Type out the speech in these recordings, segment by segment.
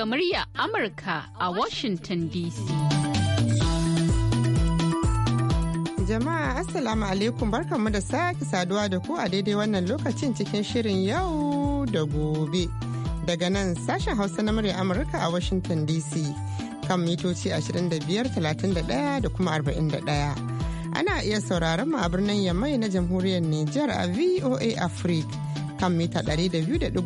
daga murya Amurka a Washington DC. Jama'a Assalamu alaikum barkanmu da sake saduwa da ku a daidai wannan lokacin cikin shirin yau da gobe. Daga nan sashen Hausa na murya Amurka a Washington DC kan mitoci 25,31 da kuma 41. ana iya sauraron mu a birnin yamai na jamhuriyar Nijar a VOA Africa kan mita 200.5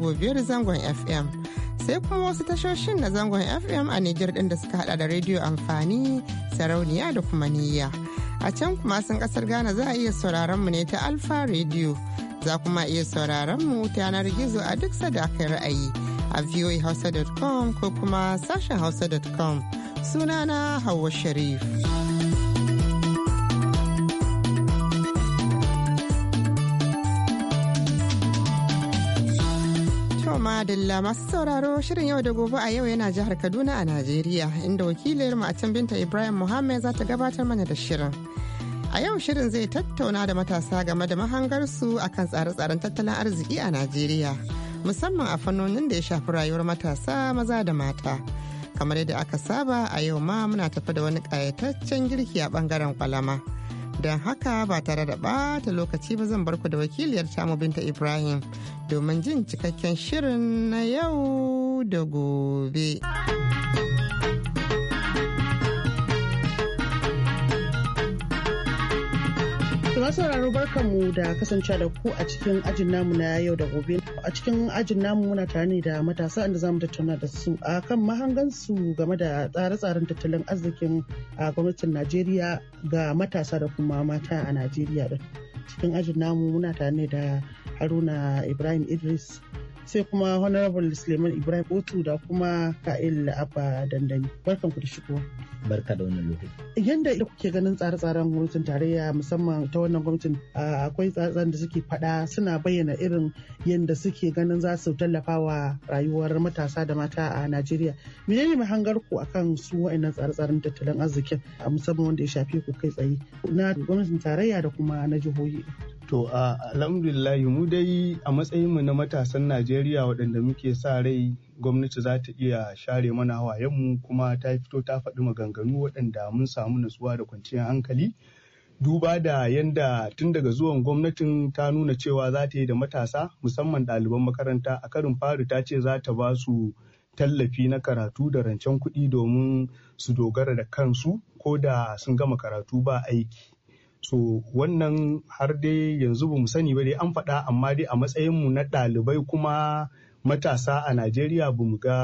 zangon FM sai kuma wasu tashoshin na zangon fm a nijar din da suka hada da rediyo amfani sarauniya da kuma niyya a can kuma sun kasar ghana za a iya sauraron mu ne ta alfa radio za kuma iya sauraron mu ta yanar gizo a duk sadakar ra'ayi a voahausa.com ko kuma sashen hausa.com sunana Hauwa sharif Adalla masu sauraro shirin yau da gobe a yau yana jihar kaduna a najeriya inda wakilin mu a can binta ibrahim muhammed za ta gabatar mana da shirin a yau shirin zai tattauna da matasa game da mahangarsu akan tsare-tsaren tattalin arziki a najeriya musamman a fannonin da ya shafi rayuwar matasa maza da mata kamar yadda aka saba a yau ma muna tafi da wani ƙayataccen girki a ɓangaren kwalama. Don haka ba tare da ɓata lokaci ba zan barku da wakiliyar tamu Binta Ibrahim domin jin cikakken shirin na yau da gobe. masu sauraro barkanmu da kasancewa da ku a cikin ajin namu na yau da gobe a cikin ajin namu muna tare ne da matasa inda zamu tattauna da su a kan mahangansu game da tsare-tsaren tattalin arzikin a gwamnatin Najeriya ga matasa da kuma mata a Najeriya Cikin ajin namu muna tare ne da Haruna Ibrahim Idris sai kuma honorable suleiman ibrahim otu da kuma ka'il abba dandani barkan ku da shigo barka da wannan lokaci yanda da kuke ganin tsare-tsaren gwamnatin tarayya musamman ta wannan gwamnatin akwai tsare-tsaren da suke fada suna bayyana irin yanda suke ganin za su tallafa wa rayuwar matasa da mata a najeriya menene mahangar ku akan su wa'annan tsare-tsaren tattalin arzikin a musamman wanda ya shafi ku kai tsaye na gwamnatin tarayya da kuma na jihohi To a alhamdulillahi mu dai a matsayin mu na matasan Najeriya waɗanda muke sa rai gwamnati za ta iya share mana mu kuma ta fito ta faɗi maganganu waɗanda mun samu natsuwa da kwanciyar hankali. Duba da yanda tun daga zuwan gwamnatin ta nuna cewa za ta yi da matasa musamman ɗaliban makaranta a karin fari ta ce za ta ba su tallafi na karatu da rancen kuɗi domin su dogara da kansu ko da sun gama karatu ba aiki. So wannan har dai yanzu bamu sani ba dai an faɗa amma dai a matsayinmu na ɗalibai kuma matasa a Najeriya bamu ga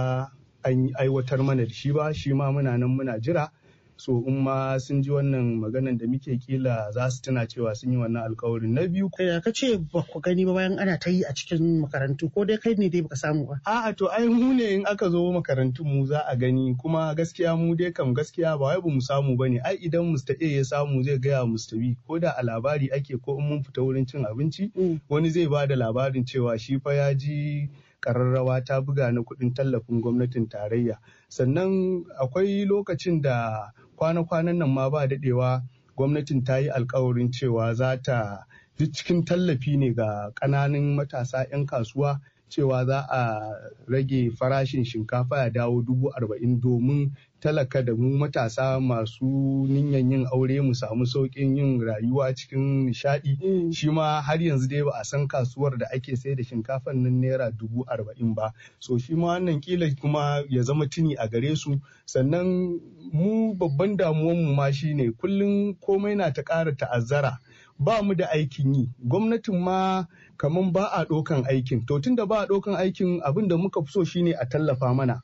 an aiwatar mana da shi ba shi ma muna nan muna jira so in ma sun ji wannan maganan da muke kila za su tuna cewa sun yi wannan alkawarin na biyu ya eh, ka ce ba ku gani ba bayan ana ta yi a cikin makarantu ko dai kai ne dai baka samu ba a'a to ai mu ne in aka zo makarantun mu za a gani kuma gaskiya mu dai kam gaskiya ba wai ba mu samu bane ai idan Mr. A ya samu zai gaya Mr. B ko da a labari ake ko in mun fita wurin cin abinci mm. wani zai ba da labarin cewa shi fa ya ji kararrawa ta buga na kuɗin tallafin gwamnatin tarayya sannan akwai lokacin da kwana-kwanan nan ma ba daɗewa gwamnatin ta yi alkawarin cewa za ta ji cikin tallafi ne ga ƙananan matasa 'yan kasuwa cewa za a rage farashin shinkafa ya dawo dubu arba'in domin talaka da mu matasa masu niyan yin aure mu samu saukin yin rayuwa cikin nishaɗi mm. shi ma har yanzu dai ba a san kasuwar da ake sai da shinkafan nan naira dubu arba'in ba so shi ma wannan kila kuma ya zama tuni a gare su sannan mu babban mu ma shi ne, kullum komai na ta ƙara ta'azzara ba mu da aikin yi gwamnatin ma kamar ba a ɗaukan aikin to tunda ba a ɗaukan aikin abin da muka fi so shine a tallafa mana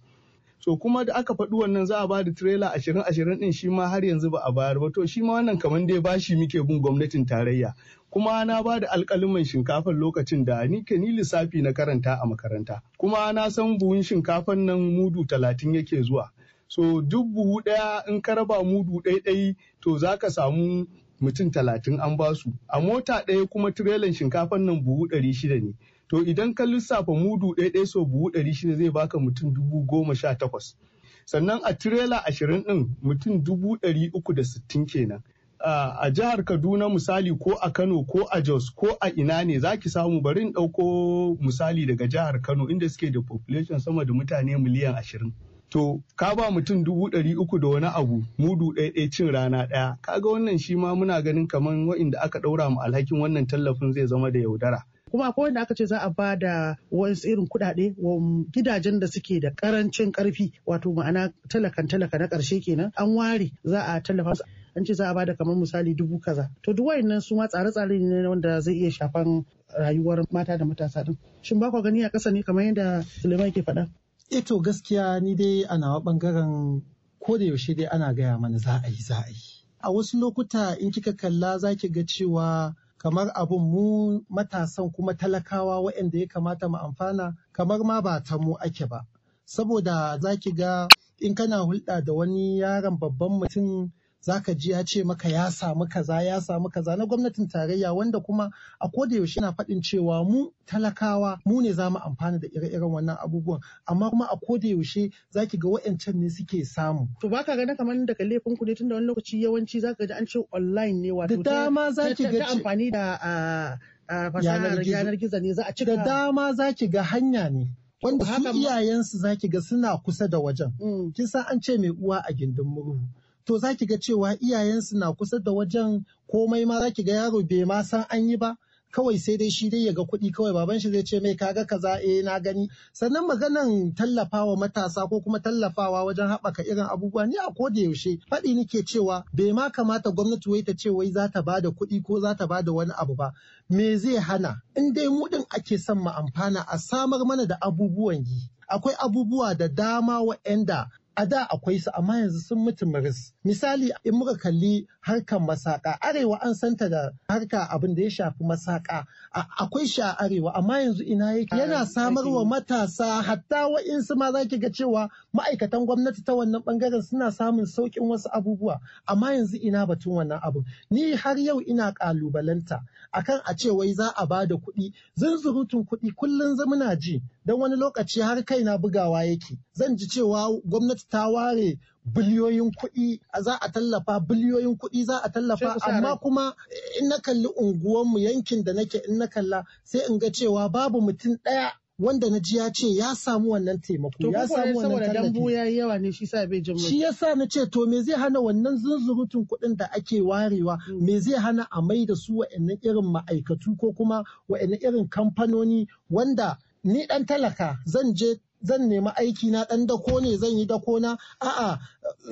To kuma da aka faɗi wannan za a ba da tirela ashirin ashirin ɗin, shi ma har yanzu ba a bayar ba to shi ma wannan kamar dai bashi muke bin gwamnatin tarayya kuma na ba da alkaliman shinkafar lokacin da ni ke ni lissafi na karanta a makaranta kuma na san buhun shinkafan nan mudu talatin yake zuwa so duk buhu ɗaya in ka raba mudu ɗaiɗai to za ka samu mutum talatin an ba su? a mota ɗaya kuma tirelan shinkafan nan buhu ɗari shida ne to idan ka lissafa mudu ɗaya so buhu ɗari shida zai baka mutum dubu goma sha takwas sannan a tirela ashirin ɗin mutum dubu ɗari uku da sittin kenan a jihar kaduna misali ko a kano ko a jos ko a ina ne za ki samu bari in ɗauko misali daga jihar kano inda suke da population sama da mutane miliyan ashirin to ka ba mutum dubu ɗari uku da wani abu mudu ɗaya ɗaya cin rana ɗaya kaga wannan shi ma muna ganin kamar wa'inda aka ɗaura mu alhakin wannan tallafin zai zama da yaudara kuma akwai wanda aka ce za a ba da wasu irin kuɗaɗe wa gidajen da suke da karancin karfi wato ma'ana talakan talaka na karshe kenan an ware za a tallafa an ce za a bada kamar misali dubu kaza to duk wayannan su ma tsare-tsare ne wanda zai iya shafan rayuwar mata da matasa din shin ba ku gani a ƙasa ne kamar yadda Suleiman ke faɗa eh to gaskiya ni dai a nawa bangaren ko da yaushe dai ana gaya mana za a yi za a yi a wasu lokuta in kika kalla zaki ga cewa kamar abin mu matasan kuma talakawa waɗanda ya kamata mu amfana kamar ma ba ta mu ake ba saboda za ki ga in kana hulɗa da wani yaron babban mutum zaka ji ya ce maka ya samu kaza ya samu kaza na gwamnatin tarayya wanda kuma a koda yaushe na faɗin cewa mu talakawa mu ne za mu amfana da ire-iren wannan abubuwan amma kuma a koda yaushe zaki ga wa'ancan ne suke samu to baka na kamar daga laifin ku ne tunda wani lokaci yawanci zaka ji an ce online ne wato da dama zaki ga amfani da fasahar yanar gizo ne za a cika da dama zaki ga hanya ne wanda su iyayensu zaki ga suna kusa da wajen mm. kin san an ce mai uwa a gindin murhu to za ki ga cewa iyayensu na kusa da wajen komai ma za ki ga yaro bai ma san an yi ba kawai sai dai shi dai ya ga kuɗi kawai baban shi zai ce mai kaga kaza eh na gani sannan maganan tallafawa matasa ko kuma tallafawa wajen haɓaka irin abubuwa ni a koda yaushe faɗi nake cewa bai ma kamata gwamnati wai ta ce wai za ta bada kuɗi ko za ta bada wani abu ba me zai hana in dai mu din ake son mu amfana a samar mana da abubuwan yi akwai abubuwa da dama da. a da akwai su amma yanzu sun mutu maris misali in muka kalli harkar masaka arewa an santa da harka abin da ya shafi masaka akwai shi a arewa amma yanzu ina yake yana samar wa matasa hatta wa'insu ma za ki ga cewa ma'aikatan gwamnati ta wannan bangaren suna samun saukin wasu abubuwa amma yanzu ina batun wannan abu ni har yau ina kalubalanta akan a ce wai za a ba da kuɗi zunzurutun kuɗi kullum zamuna ji don wani lokaci har kaina bugawa yake zan ji cewa gwamnati ta ware biliyoyin kuɗi za a tallafa biliyoyin kuɗi za a tallafa amma kuma in na kalli unguwanmu yankin da nake in na kalla sai in ga cewa babu mutum ɗaya wanda na ji ya ce ya samu wannan taimako ya samu wannan tallafi ya yi yawa ne shi sa bai jin shi yasa na ce to me zai hana wannan zunzurutun kuɗin da ake warewa mm. me zai hana a mai da su wa'annan irin ma'aikatu ko kuma wa'annan irin kamfanoni wanda ni dan talaka zan je zan nemi aiki na ɗan dako ne zan yi dako na a'a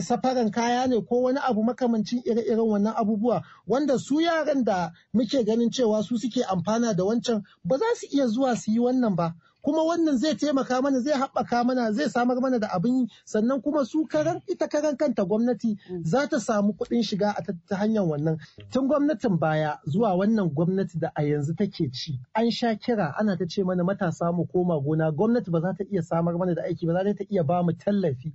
safaran kaya ne ko wani abu makamancin ire-iren wannan abubuwa wanda su yaran da muke ganin cewa su suke amfana da wancan ba za su iya zuwa su yi wannan ba kuma wannan zai taimaka mana zai haɓaka mana zai samar mana da abin sannan kuma su karan ita karan kanta gwamnati mm. za ta samu kuɗin shiga a ta hanyar wannan tun gwamnatin baya zuwa wannan gwamnati da a yanzu take ci an sha kira ana ta ce mana matasa mu koma gona gwamnati ba za ta iya samar mana da aiki ba za ta iya ba mu tallafi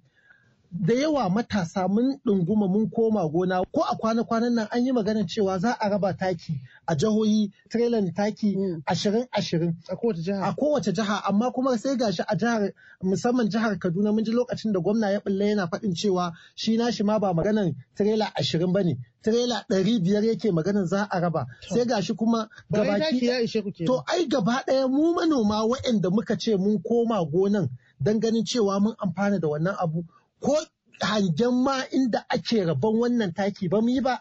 da yawa matasa mun ɗunguma mun koma gona ko a kwana-kwanan nan an yi maganar cewa za a raba taki a jihohi trailer taki mm. ashirin ashirin a kowace jiha amma kuma sai gashi a jihar musamman jihar kaduna mun ji lokacin da gwamna ya bulle yana faɗin cewa shi shi ma ba maganar trailer ashirin ba ne tirela ɗari biyar yake maganin za a raba sai gashi kuma gabaki to ai gaba ɗaya mu manoma waɗanda muka ce mun koma gonan don ganin cewa mun amfana da wannan abu ko hangen ma inda ake rabon wannan taki ba mu yi ba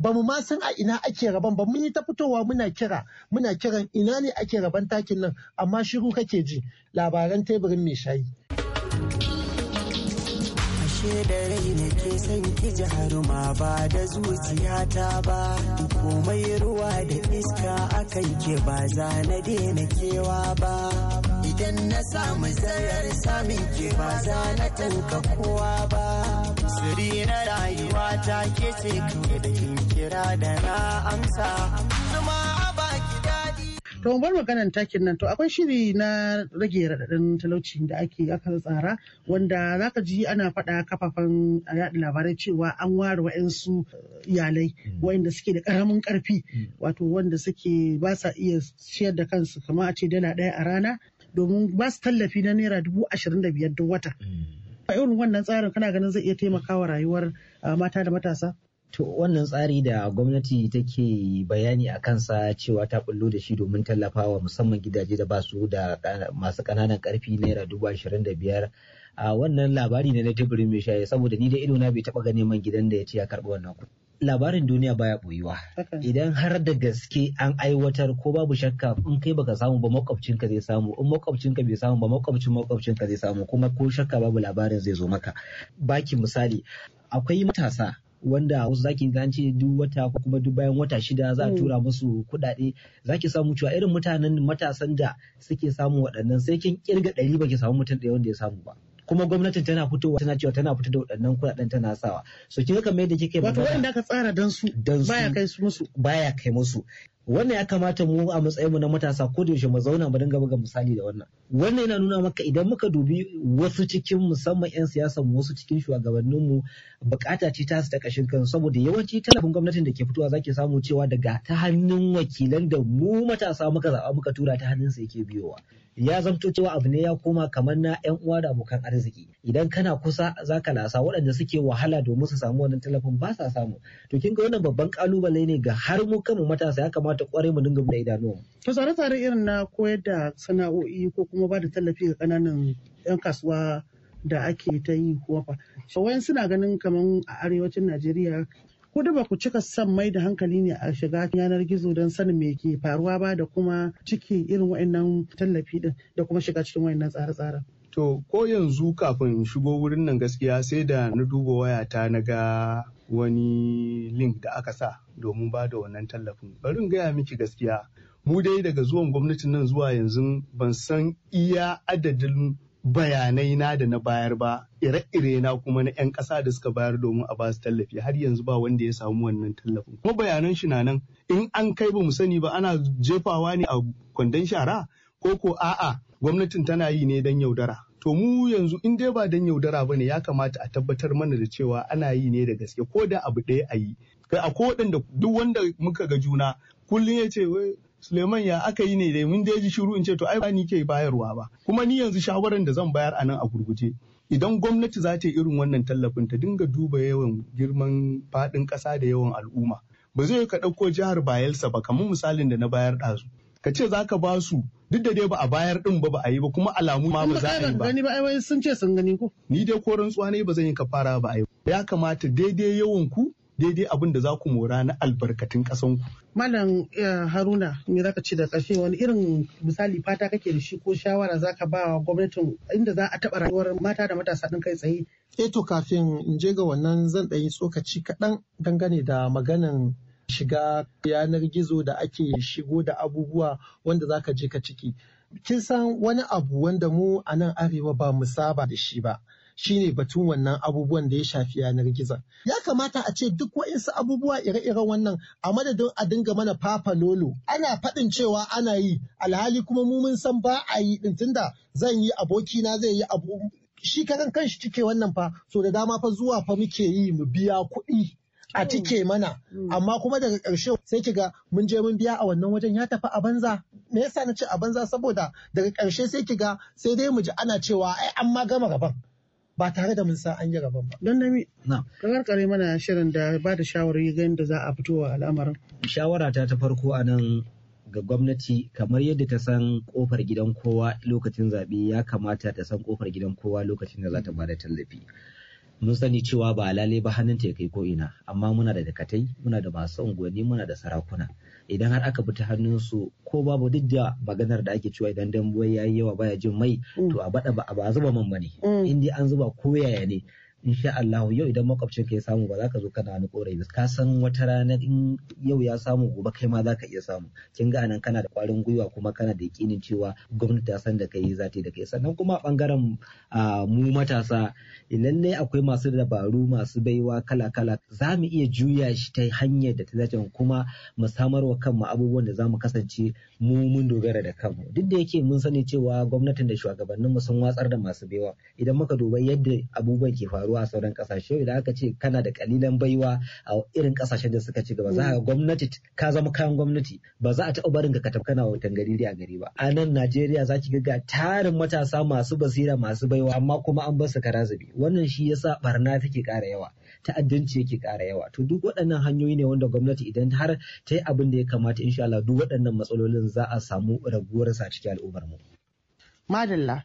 ba mu ma san a ina ake rabon ba mun yi ta fitowa muna kira muna kiran ina ne ake rabon takin nan amma shiru kake ji labaran teburin mai shayi ashe da rai nake san ki ji ba da zuciyata ba komai ruwa da iska akan ke ba za daina kewa ba idan na samu zayar samun ke ba za na tanka kowa ba siri na rayuwa ta ke ce kawai da yin kira da na amsa zuma a baki daɗi to bar maganan takin nan to akwai shiri na rage raɗaɗin talauci da ake aka tsara wanda zaka ji ana faɗa kafafen yaɗa labarai cewa an ware wa'ansu eh, iyalai mm. wayanda suke da ƙaramin ƙarfi mm. wato wanda suke ba sa iya ciyar da kansu kamar a ce dala ɗaya a rana domin ba su tallafi na naira dubu ashirin da biyar duk wata. A irin wannan tsarin kana ganin zai iya taimakawa rayuwar mata da matasa? To wannan tsari da gwamnati take bayani a kansa cewa ta bullo da shi domin tallafawa musamman gidaje da basu da masu ƙananan karfi naira dubu ashirin da biyar wannan labari ne na tibirin mai shaye saboda ni da na bai taɓa ganin man gidan da ya ce ya karbi wannan kuɗi. labarin duniya baya boyuwa idan har da gaske an aiwatar ko babu shakka in kai baka samu ba ka zai samu in ka bai samu ba makwabcin ka zai samu kuma ko shakka babu labarin zai zo maka baki misali akwai matasa wanda wasu zaki gance duk wata ko kuma duk bayan wata shida za a mm. tura musu kuɗaɗe zaki samu cewa irin mutanen matasan da suke samu waɗannan sai kin kirga ɗari baki samu mutum ɗaya wanda ya samu ba kuma gwamnatin tana fitowa tana cewa tana fito da waɗannan kuɗaɗen tana sawa so kin ga kamar yadda kike wato wanda aka tsara dan su baya kai musu baya kai musu wannan ya kamata mu a matsayinmu na matasa ko da yaushe mu zauna mu dinga buga misali da wannan wannan yana nuna maka idan muka dubi wasu cikin musamman 'yan siyasa mu wasu cikin shugabannin mu bukata ce ta su ta kashin kan saboda yawanci talabin gwamnatin da ke fitowa zaki samu cewa daga ta hannun wakilan da mu matasa muka zaba muka tura ta hannun sa yake biyowa ya zamto cewa abu ne ya koma kamar na 'yan uwa da abokan arziki idan kana kusa zaka lasa waɗanda suke wahala domin su samu wannan talafin ba sa samu to kin wannan babban kalubale ne ga har mu kanmu matasa ya kamata kamata kwarai mu dinga bai idanuwa. To tsare-tsare irin na koyar da sana'o'i ko kuma ba da tallafi ga kananan 'yan kasuwa da ake ta yi kuwa fa. Wayan suna ganin kamar a arewacin Najeriya ko da ba ku cika son mai da hankali ne a shiga yanar gizo don sanin me ke faruwa ba da kuma ciki irin wa'annan tallafi din da kuma shiga cikin wa'annan tsare-tsaren. To ko yanzu kafin shigo wurin nan gaskiya sai da na duba wayata na ga wani link da aka sa domin ba da wannan tallafin. Barin gaya miki gaskiya. Mu dai daga zuwan gwamnatin nan zuwa yanzu ban san iya adadin bayanai na da na bayar ba ire-ire na kuma na 'yan ƙasa da suka bayar domin a basu tallafi har yanzu ba wanda ya samu wannan tallafin kuma bayanan shi na nan in an kai ba mu sani ba ana jefawa ne a kwandon shara ko ko a'a gwamnatin tana yi ne don yaudara to mu yanzu in dai ba don yaudara ba ne ya kamata a tabbatar mana da cewa ana yi ne da gaske ko da abu ɗaya a yi kai akwai waɗanda duk wanda muka ga juna kullum ya ce Suleiman ya aka yi ne dai mun dai ji shiru in ce to ai ba ni ke bayarwa ba kuma ni yanzu shawaran da zan bayar a nan a gurguje idan gwamnati za ta yi irin wannan tallafin ta dinga duba yawan girman faɗin ƙasa da yawan al'umma ba zai ka ɗauko jihar bayelsa ba kamar misalin da na bayar ɗazu ka ce za ka ba su duk da dai ba a bayar din ba ba a yi ba kuma alamu ma ba za a yi ba Ni ba ai sun ce sun gani ko ni dai ko rantsuwa ne ba zan yi kafara ba ai ya kamata daidai yawan ku daidai abin da za ku mora na albarkatun ƙasan ku malam eh, haruna me zaka ce da ƙarshe wani irin misali fata kake da shi ko shawara zaka ba wa gwamnatin inda za a taɓa rayuwar mata da matasa din kai tsaye eh kafin in je ga wannan zan ɗanyi tsokaci kaɗan dangane da maganan shiga yanar gizo da ake shigo da abubuwa wanda za ka je ka ciki. Kin san wani abu wanda mu a nan Arewa ba mu saba da shi ba. shine batun wannan abubuwan da ya shafi yanar gizo. Ya kamata a ce duk wa'insu abubuwa ire-iren wannan a madadin a dinga mana fafa lolo. Ana faɗin cewa ana yi alhali kuma mu mun san ba a yi ɗin tunda zan yi abokina zai yi abu shi karan kanshi cike wannan fa so da dama fa zuwa fa muke yi mu biya kuɗi a cike mm. mana mm. amma kuma daga ƙarshe sai kiga mun je mun biya a wannan wajen ya tafi a banza me yasa na ce a banza saboda daga ƙarshe sai kiga sai dai mu ji ana cewa ai an ma gama gaban ba tare da mun san an yi gaban ba. Don nami, kare mana shirin da ba da shawarwari ga yadda za a fito wa al'amarin. Shawara ta ta farko a nan ga gwamnati kamar yadda ta san kofar gidan kowa lokacin zaɓe ya kamata ta san kofar gidan kowa lokacin da za ta da tallafi. mun sani cewa ba a lalle ba hannunta ya kai ko ina amma muna da dakatai muna da masu unguwanni muna da sarakuna idan har aka bi ta hannunsu ko babu duk da maganar da ake cewa idan ya yi yawa baya jin mai mm. to a bada ba a zuba man bane mm. in dai an zuba ko yaya ne insha Allah yau idan makwabcin ka ya samu ba za ka zo kana wani korafi ka san wata rana in yau ya samu gobe kai ma za ka iya samu kin ga anan kana da kwarin gwiwa kuma kana da yakinin cewa gwamnati ta san da kai za ta da kai sannan kuma a bangaren mu matasa lallai akwai masu dabaru masu baiwa kala-kala za mu iya juya shi ta hanyar da ta dace kuma mu samar wa kanmu abubuwan da za mu kasance mu mun dogara da kanmu duk da yake mun sani cewa gwamnatin da shugabanninmu sun watsar da masu baiwa idan muka duba yadda abubuwan ke faru faruwa a sauran kasashe idan aka ce kana da kalilan baiwa a irin kasashen da suka ci gaba za ga mm. gwamnati ka zama kayan gwamnati ba za a taɓa barin ka tafi kana wutan gari a gari ba a nan Najeriya za ki ga tarin matasa masu basira masu baiwa amma kuma an basu karazabi wannan shi yasa barna take ƙara yawa ta'addanci yake ƙara yawa to duk waɗannan hanyoyi ne wanda gwamnati idan har ta yi abin da ya kamata insha Allah duk waɗannan matsalolin za a samu raguwarsa a cikin al'ummar mu madalla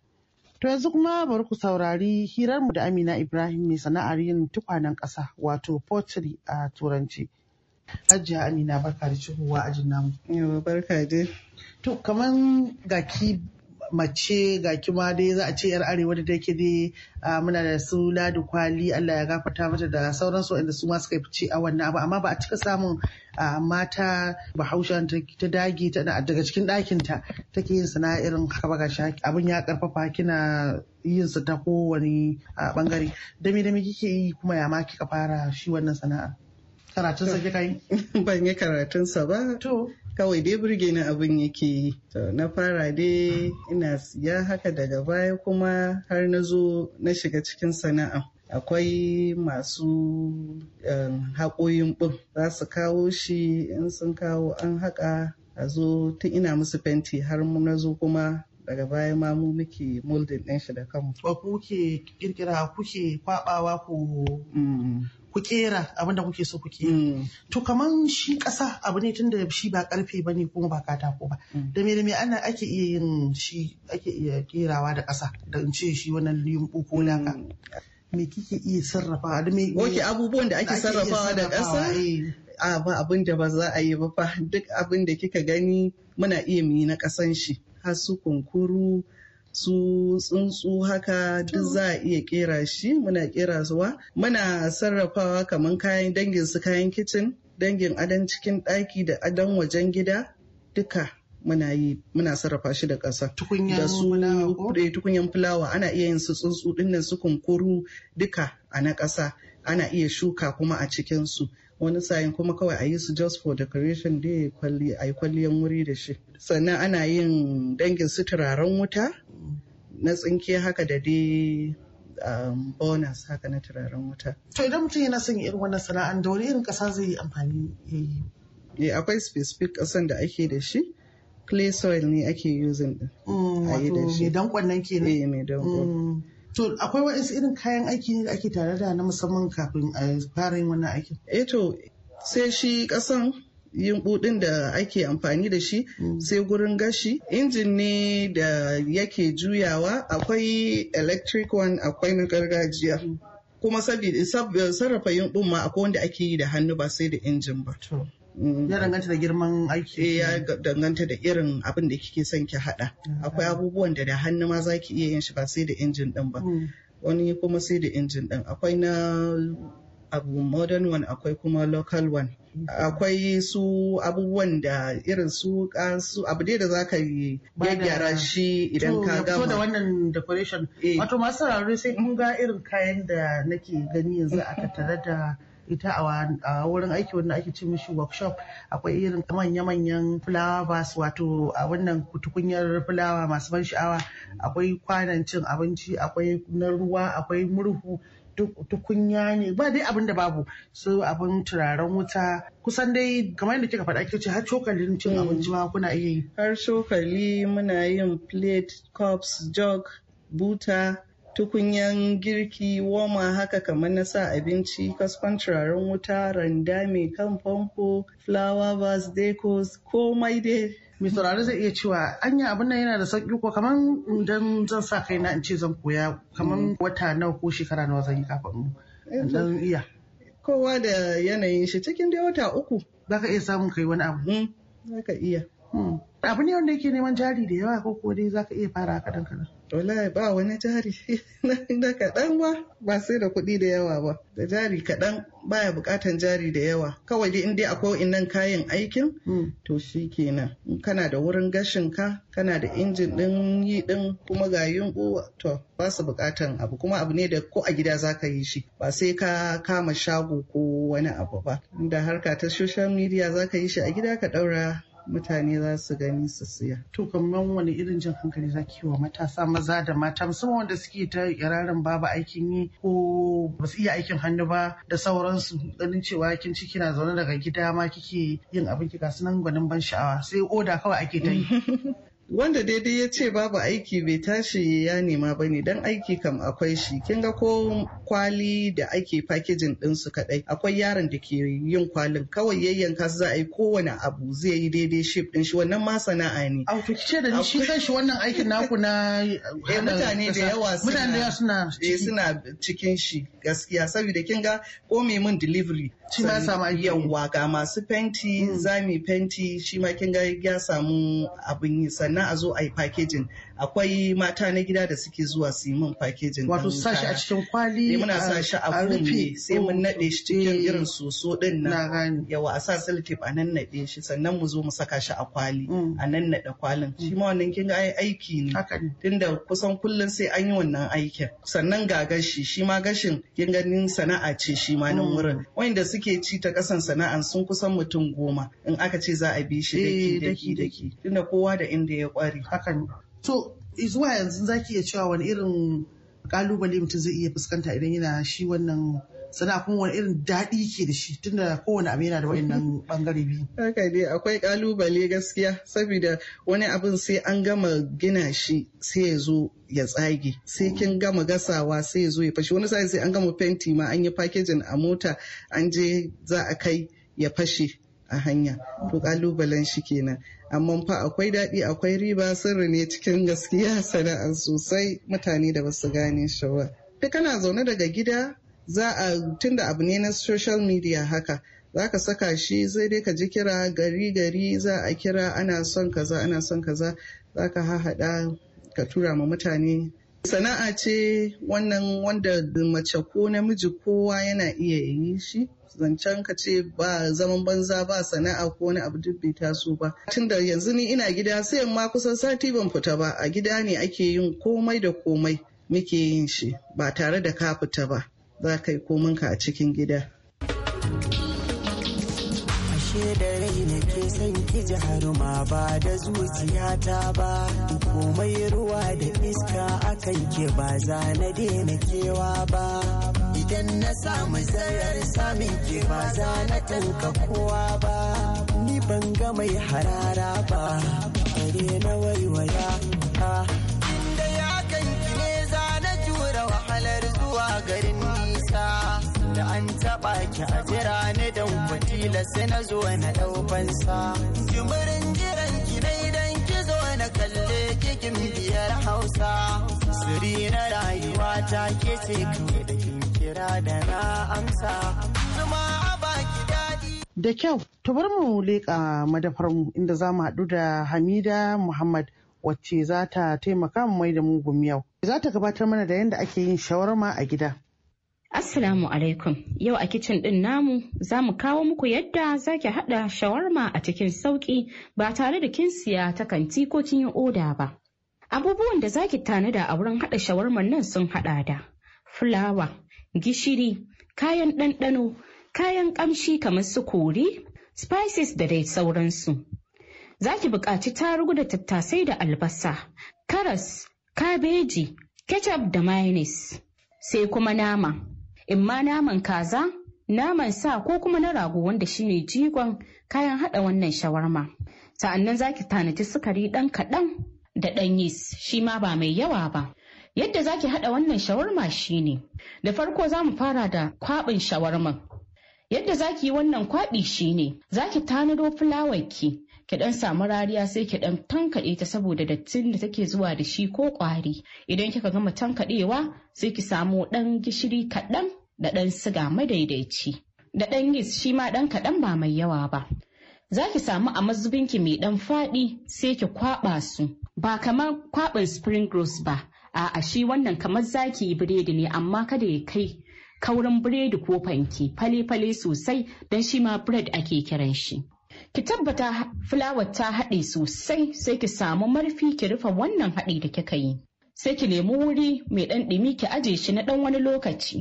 To yanzu kuma bari ku saurari hirarmu da Amina Ibrahim mai sana'ar yin tukwanen ƙasa wato pottery a turanci. Hajiya Amina barka da cikowa ajin namu. Yawa barka dai. To kaman ga ki mace ga kima dai za a ce yar arewa da take dai muna da su ladu kwali Allah ya gafarta mata da sauransu inda su ma suka fice a wannan abu amma ba a cika samun mata bahaushe ta dage ta daga cikin ɗakin ta take yin sana'a irin haka ba gashi abin ya karfafa kina yin su ta kowane bangare dame dame kike yi kuma ya ma kika fara shi wannan sana'a karatun sa kika yi ban yi karatun sa ba to kawai dai burge ni abin yake yi na fara dai ina siya haka daga baya kuma har na zo na shiga cikin sana'a akwai masu um, haƙoyin ɓin za su kawo shi in sun kawo an haƙa a zo tun ina musu fenti har mu na zo kuma daga baya ma mu muke moldin ɗin shi da kanmu. Ba kuke kirkira kuke kwaɓawa ku mm. ku kera abinda kuke so ku kera mm. to kamar shi kasa abu ne tunda shi ba karfe ne kuma ba katako ba mm. da me da me ana ake iya yin shi ake iya kerawa da kasa da in ce shi wannan limbu ko mm. laka me kike iya sarrafa da me wace abubuwan da ake sarrafawa da kasa eh. a ba abin da ba za a yi ba fa duk abin da kika gani muna iya mu yi na kasan shi hasu kunkuru su tsuntsu haka duk za a iya kera shi muna kera zuwa muna sarrafawa kamar kayan dangin su kayan kicin dangin adon cikin ɗaki da adon wajen gida duka muna yi muna sarrafa shi da ƙasa eh, tukunyan fulawa ana iya yin su tsuntsu dinnan su kunkuru duka a na ƙasa ana iya shuka kuma a cikinsu. wani sayin kuma kawai a yi su just for decoration da a yi kwalliyan wuri da shi sannan ana yin dangin su turaren wuta na tsinke haka da dai um, bonus haka na turaren wuta to idan mutum yana son irin wannan sana'an da wani irin kasa zai yi amfani ya yi eh, akwai specific kasan da ake da shi clay soil ne ake using din mm, a yi da shi mai danƙon nan kenan eh mai To akwai waɗansu irin kayan aiki ne da ake tare da na musamman kafin a fara yin wannan aikin? Eh to sai shi kasan yin budin da ake amfani da shi mm. sai gurin gashi injin ne da yake juyawa akwai electric one akwai na gargajiya mm. kuma sarrafa yin ma akwai wanda ake yi da hannu ba sai da injin ba. Mm. ya danganta da girman aiki eh, ya danganta da irin abin da kike son ki hada mm. akwai abubuwan da da hannu ma zaki iya yin shi ba sai da injin din ba mm. wani kuma sai da injin din akwai na abu modern one akwai kuma local one akwai su abubuwan da irin su su abu dai da zaka yi gyaggyara shi idan ka gama To da wannan decoration eh. wato masu sauraro sai mun ga irin kayan da nake gani yanzu a tare da ita a wurin aiki wanda ake ce mishi workshop akwai irin manya-manyan fulawa bas wato a wannan tukunyar fulawa masu ban sha'awa akwai kwanan cin abinci akwai na ruwa akwai murhu tukunya ne ba dai abin da babu su abin turaren wuta kusan dai kamar yadda kika faɗa kika ce har cokalin cin eh. abinci ma kuna iya yi har cokali muna yin plate cups jug buta tukunyan girki woma haka kamar na sa abinci kaskon turaren wuta randa mai kan famfo flower vase decos komai dai mai saurari zai iya cewa anya abin nan yana da sauki ko kamar idan zan sa kai in ce zan koya kamar mm. wata nawa ko shekara nawa zan yi kafin dan eh, iya kowa da yanayin shi cikin dai wata uku zaka iya samun kai wani abu mm, zaka iya mm. abu ne wanda yake neman jari da yawa ko ko dai zaka iya fara kadan kadan wallahi ba wani jari na kadan ba ba sai da kuɗi da yawa ba da jari kaɗan baya bukatan jari da yawa kawai dai in dai akwai innan kayan aikin hmm. to shi kenan kana da wurin gashin ka kana da injin din yi din kuma ga yunku to ba su bukatan abu kuma abu ne da ko a gida zaka yi shi ba sai ka kama shago ko wani abu ba da harka ta social media zaka yi shi a gida ka daura mutane za su gani su siya. To kamar wani irin jin hankali za ki wa matasa maza da mata musamman wanda suke ta yararin babu aikin yi ko ba su iya aikin hannu ba da sauransu ganin cewa kin ci kina zaune daga gida ma kike yin abin ki ga sunan gwanin ban sha'awa sai oda kawai ake ta yi. wanda daidai ya ce babu aiki bai tashi ya nema ba ne don aiki kam akwai shi kin ga ko kwali da ake fakijin ɗinsu kaɗai akwai yaron da ke yin kwalin kawai yayyanka za a yi kowane abu zai yi daidai shif ɗin shi wannan ma sana'a ne a fice da shi kan shi wannan aikin naku na eh mutane da yawa suna eh, suna cikin shi gaskiya saboda kin ga ko mai mun delivery shi ma samu yawwa ga masu fenti mm. za fenti shi ma kin ga ya samu abin yi sannan a zo a yi packaging akwai mata na gida da suke zuwa su yi min fakejin wato sashi a cikin kwali eh, muna sashi a rufe sai mun nade shi cikin oh, eh. irin soso din nan yawa a sa siltip a nan nade shi sannan mu zo mu saka shi a kwali mm. a nan nade kwalin shi ma wannan kin ga aiki ne tunda kusan kullun sai an yi wannan aikin sannan ga gashi shi ma gashin kin ganin sana'a ce shi ma nan mm. wurin wanda suke ci ta kasan sana'an sun kusan mutum goma in aka ce za a bi shi daki eh, daki daki tunda kowa da inda ya kware hakan to zuwa yanzu za ki iya cewa wani irin kalubale mutum zai iya fuskanta idan yana shi wannan sana kuma wani irin daɗi ke da shi tunda kowane abu yana da wa'annan bangare biyu. Haka dai akwai kalubale gaskiya saboda wani abin sai an gama gina shi sai ya zo ya tsage sai kin gama gasawa sai ya zo ya fashe wani sai an gama fenti ma an yi packaging a mota an je za a kai ya fashe a hanya to kalubalen shi kenan amma fa akwai daɗi akwai riba sirri ne cikin gaskiya sana'a sosai mutane da basu gane shi ba ta kana zaune daga gida za a tunda abu ne na social media haka za ka saka shi zai dai ka ji kira gari gari za a kira ana son kaza ana son kaza za ka hahaɗa ka tura ma mutane Sana'a ce wannan wanda mace ko namiji kowa yana iya yi shi. zancen ka ce ba zaman banza ba sana'a ko wani abu duk bai taso ba tunda yanzu ni ina gida sai yamma kusan sati ban fita ba a gida ne ake yin komai da komai muke yin shi ba tare da ka fita ba za ka yi kominka a cikin gida ne ke son ki ji ma ba da zuciyata ba komai ruwa da iska akan ke ba za na daina kewa ba idan na samu zayar samin ke ba za na tanka kowa ba ni ban ga mai harara ba bare na waiwaya ha inda ya ki ne za na jura wahalar zuwa garin nisa da an taba ki a jira na kila sai na zo na dau sa. jimirin jiran ki na idan ki zo na kalle kikin biyar hausa siri na rayuwa ta ke ce kawai da kin kira da na amsa zuma a baki dadi. da kyau to bar mu leƙa mu, inda za mu haɗu da hamida muhammad wacce za ta taimaka mai da mu gumiyau za ta gabatar mana da yadda ake yin shawarma a gida Assalamu alaikum. Yau a kicin ɗin namu za mu kawo muku yadda za ki haɗa shawarma a cikin sauƙi ba tare da kin siya ta kanti ko kin yi oda ba. Abubuwan da za ki tanada a wurin haɗa shawarman nan sun haɗa da fulawa, gishiri, kayan ɗanɗano, kayan ƙamshi kamar su kori, spices da dai sauransu. Za ki buƙaci tarugu da tattasai da albasa, karas, kabeji, ketchup da mayonnaise, sai kuma nama. In ma naman kaza naman sa ko kuma na rago wanda shine jigon kayan haɗa wannan shawarma sa'annan zaki tanaji sukari ɗan kaɗan da ɗan yis shi ma ba mai yawa ba yadda zaki haɗa wannan shawarma shine da farko za mu fara da kwaɓin shawarman yadda zaki yi wannan kwaɓi shine zaki tanado ki? ki dan samu rariya sai ki dan tankaɗe ta saboda dattin da take zuwa da shi ko kwari idan kika gama tankaɗewa sai ki samu ɗan gishiri kaɗan da ɗan siga madaidaici da ɗan yis shi ma ɗan kaɗan ba mai yawa ba za ki samu a mazubinki mai ɗan faɗi sai ki kwaɓa su ba kamar kwaɓin spring rose ba a'a shi wannan kamar zaki yi biredi ne amma kada ya kai kaurin biredi ko fanke fale-fale sosai don shi ma bread ake kiran shi ki tabbata fulawar ta haɗe sosai sai ki samu marfi ki rufe wannan haɗi da kika yi sai ki nemi wuri mai ɗan ɗumi ki aje shi na ɗan wani lokaci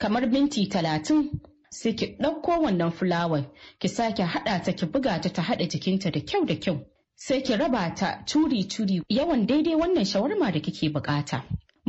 kamar minti talatin sai ki ɗauko wannan fulawar ki sake haɗa ta ki buga ta ta haɗa jikinta da kyau da kyau sai ki raba ta turi turi yawan daidai wannan shawarma da kike bukata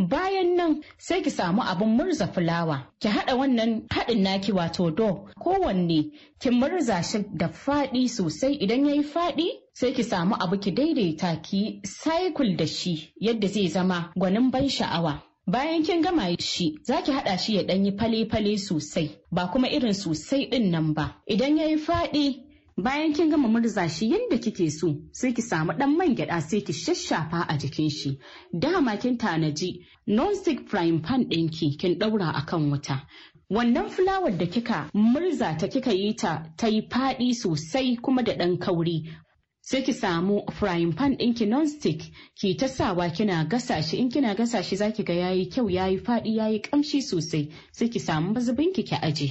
bayan nan sai ki samu abin murza fulawa ki haɗa wannan haɗin naki wato do kowanne ki murza shi da faɗi sosai idan ya yi faɗi sai ki samu abu ki daidaita ki cycle da shi yadda zai zama gwanin ban sha'awa bayan kin gama shi za ki haɗa shi ya ɗanyi fale-fale sosai ba kuma irin sosai ɗin nan ba idan ya yi faɗi bayan kin gama murza shi yadda kike so sai ki samu dan man gyada sai ki shashafa a jikin shi dama kin tanaji non-stick frying pan ɗinki kin ɗaura akan wuta wannan fulawar da kika murza ta kika yi ta ta yi faɗi sosai kuma da ɗan kauri sai ki samu frying pan ɗinki non-stick ki ta sawa kina gasa shi in kina gasa shi zaki ga yayi kyau yayi faɗi yayi kamshi sosai sai ki samu mazubinki ki aje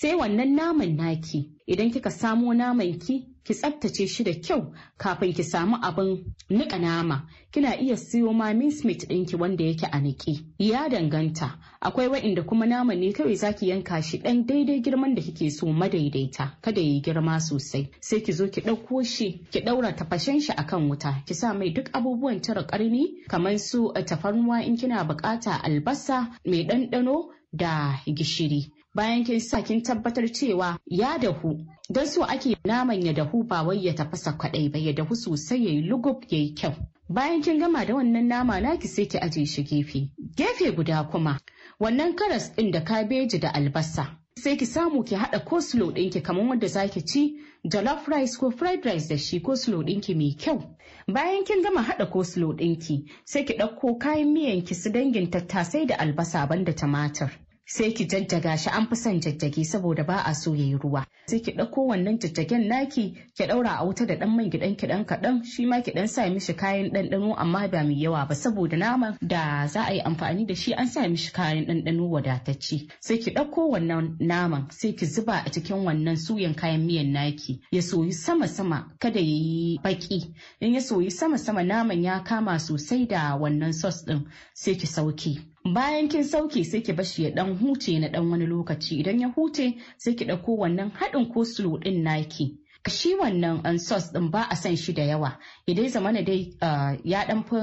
sai wannan naman naki idan kika samo naman ki ki tsaftace shi da kyau kafin ki samu abin nika nama kina iya siyo ma mincemeat ɗinki wanda yake a niki ya danganta akwai wa'inda kuma naman ne kawai zaki yanka shi ɗan daidai girman da kike so madaidaita kada yi girma sosai sai ki zo ki ɗauko shi ki ɗaura tafashen shi akan wuta ki sa mai duk abubuwan tara ƙarni kamar su tafarnuwa in kina buƙata albasa mai ɗanɗano da gishiri bayan kin sa kin tabbatar cewa ya dahu don so ake naman ya dahu ba wai ya tafasa kwaɗai ba ya dahu sosai ya yi lugub ya yi kyau bayan kin gama da wannan nama naki sai ki ajiye shi gefe gefe guda kuma wannan karas ɗin da kabeji da albasa sai ki samu ki haɗa coleslaw ɗinki kamar wanda zaki ci jollof rice ko fried rice da shi coleslaw ɗinki mai kyau bayan kin gama haɗa coleslaw ɗinki sai ki ɗauko kayan miyan ki su dangin tattasai da albasa banda tumatir sai ki jajjaga shi an fi son jajjage saboda ba a so yayi ruwa sai ki ɗauko wannan jajjagen naki ki ɗaura a wuta da ɗan man gidan ɗan kaɗan shi ma ki ɗan sa mishi kayan ɗanɗano amma ba mai yawa ba saboda naman da za a yi amfani da shi an sa mishi kayan ɗanɗano wadatacce sai ki ɗauko wannan naman sai ki zuba a cikin wannan suyan kayan miyan naki ya soyi sama sama kada ya yi baki in ya soyi sama sama naman ya kama sosai da wannan sos ɗin sai ki sauke bayan kin sauke sai ki bashi ya dan huce na dan wani lokaci idan ya huce sai ki dauko wannan haɗin coleslaw din naki shi wannan an eh, sauce din ba a san shi da yawa idan zamana dai eh, ya dan fi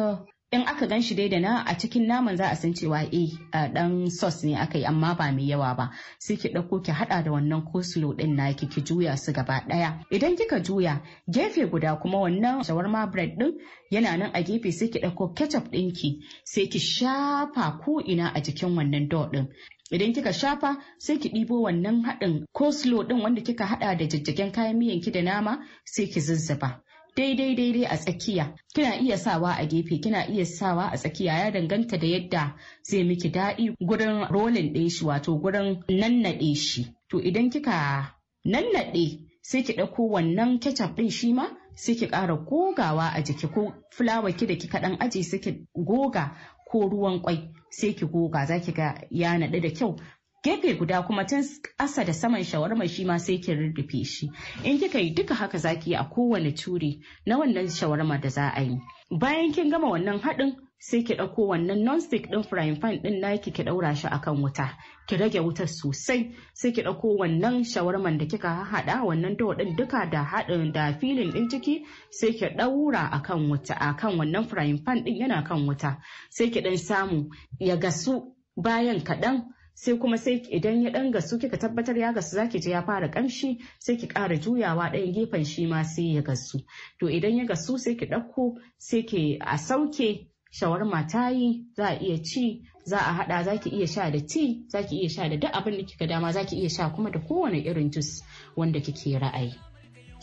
in aka gan shi da na a cikin naman za a san cewa eh dan sauce ne aka yi amma ba mai yawa ba sai ki ɗauko ki haɗa da wannan coleslaw ɗin naki ki juya su gaba ɗaya idan kika juya gefe guda kuma wannan shawarma bread ɗin yana nan a gefe sai ki ɗauko ketchup ɗinki sai ki shafa ko ina a jikin wannan dough ɗin idan kika shafa sai ki ɗibo wannan haɗin coleslaw ɗin wanda kika haɗa da jajjagen kayan miyan ki da nama sai ki zuzzuba daidai daidai a tsakiya kina iya sawa a gefe kina iya sawa a tsakiya ya danganta da yadda zai miki daɗi gurin rolin ɗin shi wato gurin nannaɗe shi to idan kika nannaɗe sai ki ɗauko wannan kecaf ɗin shi ma sai ki ƙara gogawa a jiki ko fulawa ki da ki kaɗan aji sai ki goga ko ruwan kwai sai ki goga za ki ga ya naɗe da kyau gefe guda kuma tun ƙasa da saman shawarma shi ma sai ki rurrufe shi in kika yi duka haka za ki yi a kowane ture na wannan shawarma da za a yi bayan kin gama wannan haɗin sai ki ɗauko wannan nonstick ɗin frying pan ɗin naki ki ɗaura shi akan wuta ki rage wutar sosai sai ki ɗauko wannan shawarman da kika haɗa wannan dough ɗin duka da haɗin da filin ɗin ciki sai ki ɗaura akan wuta akan wannan frying pan ɗin yana kan wuta sai ki ɗan samu ya gasu bayan kaɗan sai kuma sai idan ya ɗan gasu kika tabbatar ya gasu zaki je ya fara kamshi sai ki ƙara juyawa ɗayan gefen shi ma sai ya gasu to idan ya gasu sai ki ɗauko sai ki a sauke shawarma ta yi za a iya ci za a hada za ki iya sha da ti za ki iya sha da duk abin da kika dama za ki iya sha kuma da kowane irin jus wanda kike ra'ayi.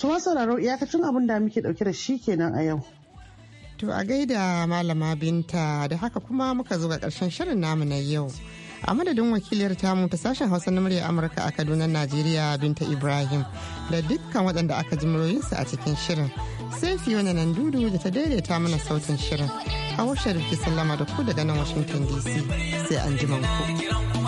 To sauraro iyakacin abin da muke ɗauke da shi kenan a yau. To a gaida malama binta da haka kuma muka zo ga karshen shirin namu na yau. a madadin wakiliyar tamu ta sashen hausa na murya amurka a kaduna najeriya binta ibrahim da dukkan waɗanda aka ji su a cikin shirin sai fiona nan dudu da ta daidaita mana sautin shirin a washe sallama da ku daga nan washington dc sai an ji ku.